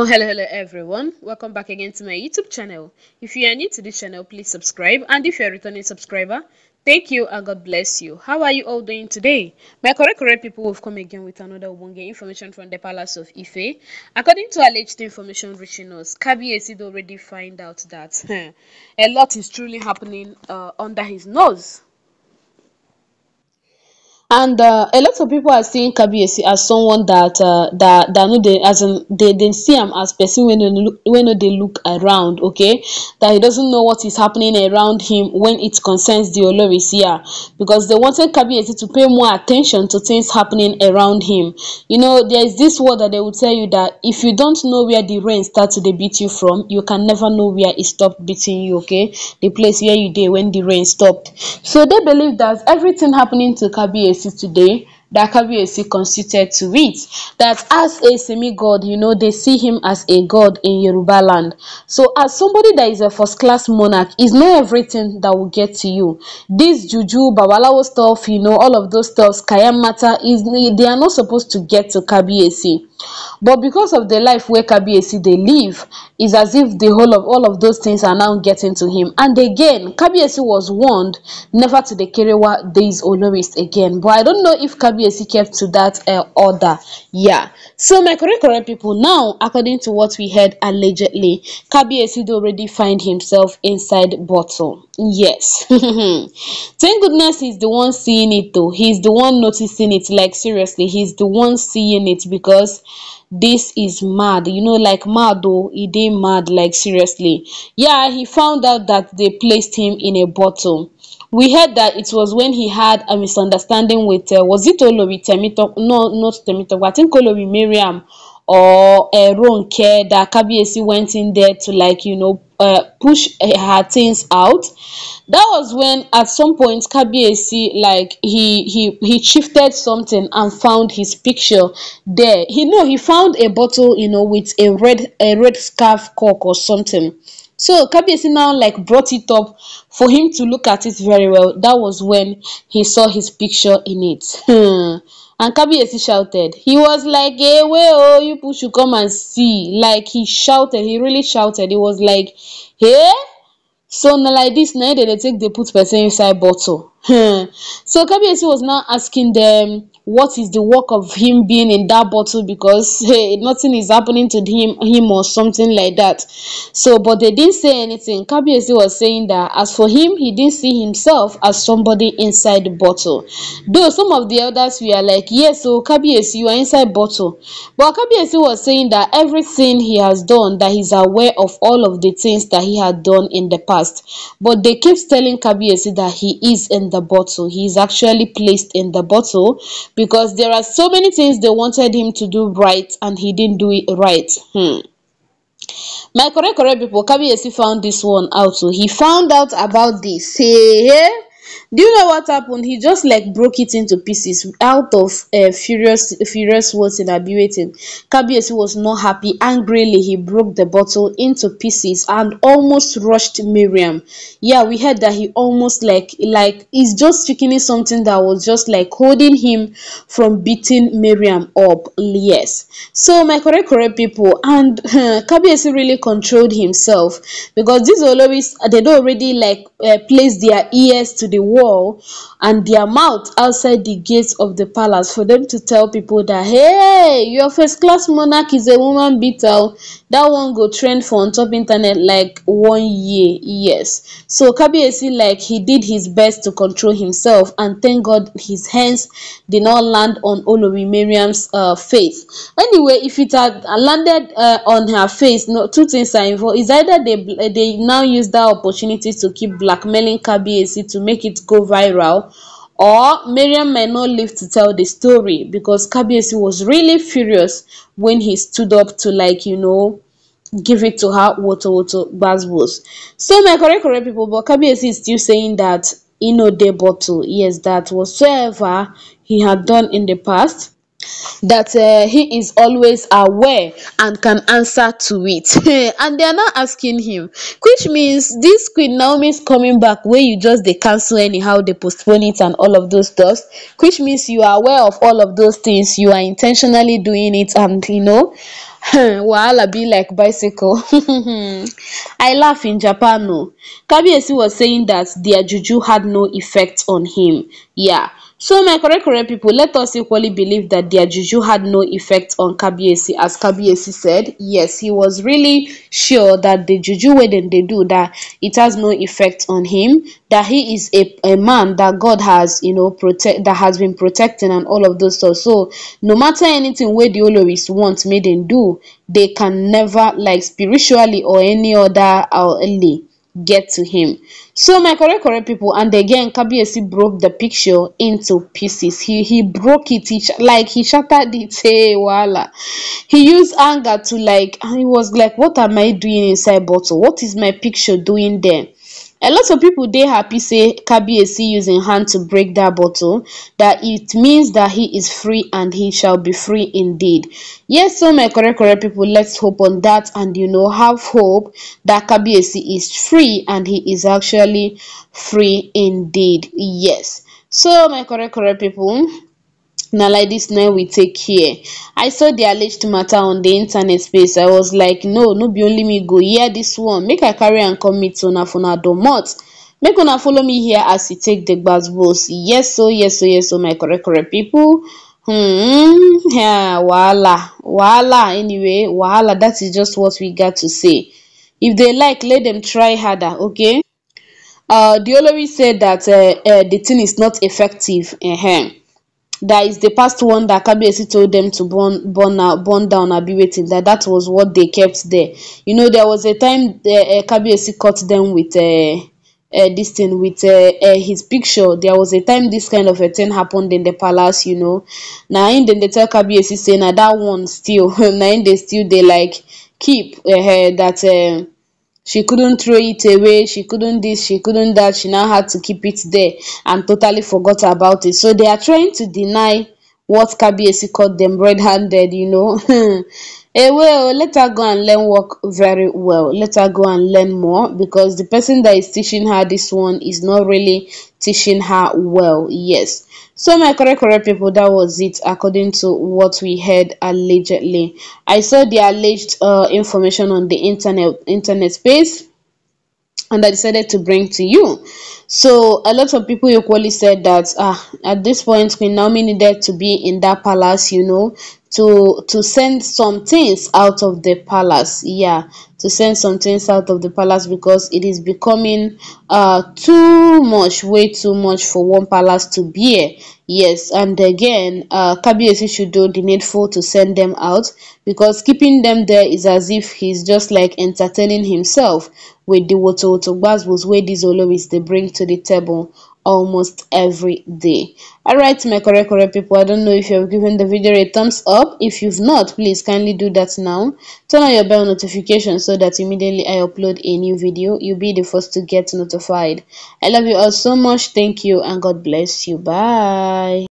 Oh hello hello everyone welcome back again to my youtube channel if you are new to this channel please subscribe and if you are a returning subscriber thank you and god bless you how are you all doing today my correct correct people have come again with another wonge information from the palace of ife according to alleged information reaching us kabi did already find out that a lot is truly happening uh, under his nose and uh, a lot of people are seeing Kabiyesi as someone that uh, that that no they as in, they they see him as person when they look when they look around okay that he doesn't know what is happening around him when it concerns the Olorisia because they wanted Kabiyesi to pay more attention to things happening around him you know there is this word that they will tell you that if you don't know where the rain starts to beat you from you can never know where it stopped beating you okay the place where you did when the rain stopped so they believe that everything happening to Kabiyesi Today, today, Dhaka BAC constituted to it that as a semi-god, you know, they see him as a god in Yoruba land. So as somebody that is a first-class monarch, is not everything that will get to you. This juju, babalawo stuff, you know, all of those stuff, kayamata, is they are not supposed to get to KBAC but because of the life where kabiyesi they live is as if the whole of all of those things are now getting to him and again kabiyesi was warned never to dey kerewa these oloris again but i don't know if kabiyesi kept to that uh, order yeah so my correct correct people now according to what we heard allegedly kabiyesi already find himself inside bottle yes thank goodness he's the one seeing it though he's the one noticing it like seriously he's the one seeing it because this is mad you know like mad oh he did mad like seriously yeah he found out that they placed him in a bottle we heard that it was when he had a misunderstanding with uh, was it Olori Temitope? No, not Temitope. I think Olori Miriam or care that Kabiesi went in there to like you know uh, push eh, her things out. That was when at some point Kabiesi like he he he shifted something and found his picture there. He no he found a bottle you know with a red a red scarf cork or something. So Kabiesi now like brought it up for him to look at it very well. That was when he saw his picture in it. Hmm. And Kabiyesi shouted. He was like, hey, well, oh, you people should come and see. Like, he shouted. He really shouted. He was like, hey? Eh? So, now like this, now they, they take, they put person inside bottle. so, Kabiyesi was now asking them, what is the work of him being in that bottle because hey nothing is happening to him him or something like that so but they didn't say anything kbsc was saying that as for him he didn't see himself as somebody inside the bottle though some of the others were like yes so oh, kbsc you are inside bottle but kbsc was saying that everything he has done that he's aware of all of the things that he had done in the past but they keep telling kbsc that he is in the bottle he is actually placed in the bottle because there are so many things they wanted him to do right and he didn't do it right. Hmm. My correct correct people, Kabiyesi found this one out. So he found out about this. Say, hey, do you know what happened he just like broke it into pieces out of uh, furious furious words in abiwatin kabiyesi was not happy angrily he broke the bottle into pieces and almost rushed miriam yeah we heard that he almost like like he's just speaking something that was just like holding him from beating miriam up yes so my correct correct people and uh, really controlled himself because these always they don't already like uh, place their ears to the the wall and their mouth outside the gates of the palace for them to tell people that, hey, your first class monarch is a woman beetle. That one go trend for on top internet like one year. Yes. So Kabiesi, like, he did his best to control himself and thank God his hands did not land on Olori Miriam's uh, face. Anyway, if it had landed uh, on her face, no, two things are involved. Is either they, they now use that opportunity to keep blackmailing Kabiesi to make it it go viral or Miriam may not live to tell the story because Kabiesi was really furious when he stood up to like you know give it to her water water buzzwords. So my correct correct people, but Kabiesi is still saying that in a day bottle, yes, that whatsoever he had done in the past that uh, he is always aware and can answer to it and they are not asking him which means this queen naomi's coming back where you just they cancel anyhow they postpone it and all of those stuff which means you are aware of all of those things you are intentionally doing it and you know i be like bicycle i laugh in japan no oh. kabiesi was saying that their juju had no effect on him yeah so my correct correct people, let us equally believe that their juju had no effect on Kabiesi. As Kabiesi said, yes, he was really sure that the juju wedding they do, that it has no effect on him, that he is a, a man that God has, you know, protect that has been protecting and all of those stuff. So no matter anything where the Oloris want maiden do, they can never like spiritually or any other or early get to him. So my correct correct people, and again Kabiesi broke the picture into pieces. He he broke it, he like he shattered it. Hey, voila. He used anger to like and he was like, What am I doing inside bottle? What is my picture doing there? a lot of people they happy say kabiyesi using hand to break that bottle That it means that he is free and he shall be free indeed yes so my correct correct people let's hope on that and you know have hope that kabiyesi is free and he is actually free indeed yes so my correct correct people na like this na we take hear i saw the alleged matter on the internet space i was like no no be only me go hear This one make i carry am come meet una for una domot make una follow me here as e take the dey boss. yes o yes o yes o my correct correct people. hmm um wahala wahala anyway wahala That is just what we got to say if they like let them try harder okay Uh. the olori said that uh, uh the thing is not effective um that is the past one that Kabiyesi told them to burn burn burn down be waiting. that that was what they kept there you know there was a time the uh, eh, caught them with uh, uh, this thing with uh, uh, his picture there was a time this kind of a thing happened in the palace you know now in then they tell Kabiyesi saying na that one still now in they still they like keep uh, that uh, she couldn't throw it away she couldn't this she couldn't that she now had to keep it there and totally forgot about it so they are trying to deny what kbac called them red-handed you know Eh, well, let her go and learn work very well Let her go and learn more because the person that is teaching her this one is not really teaching her well yes so my correct correct people that was it according to what we heard allegedly i saw the alleged uh, information on the internet internet space and i decided to bring to you so a lot of people equally said that ah, at this point Queen Naomi needed to be in that palace, you know, to to send some things out of the palace. Yeah, to send some things out of the palace because it is becoming uh too much, way too much for one palace to bear. Yes, and again, uh, ah, Kabiyesi should do the needful to send them out because keeping them there is as if he's just like entertaining himself with the water water was where these Oloris they bring to the table almost every day all right my correct correct people i don't know if you've given the video a thumbs up if you've not please kindly do that now turn on your bell notification so that immediately i upload a new video you'll be the first to get notified i love you all so much thank you and god bless you bye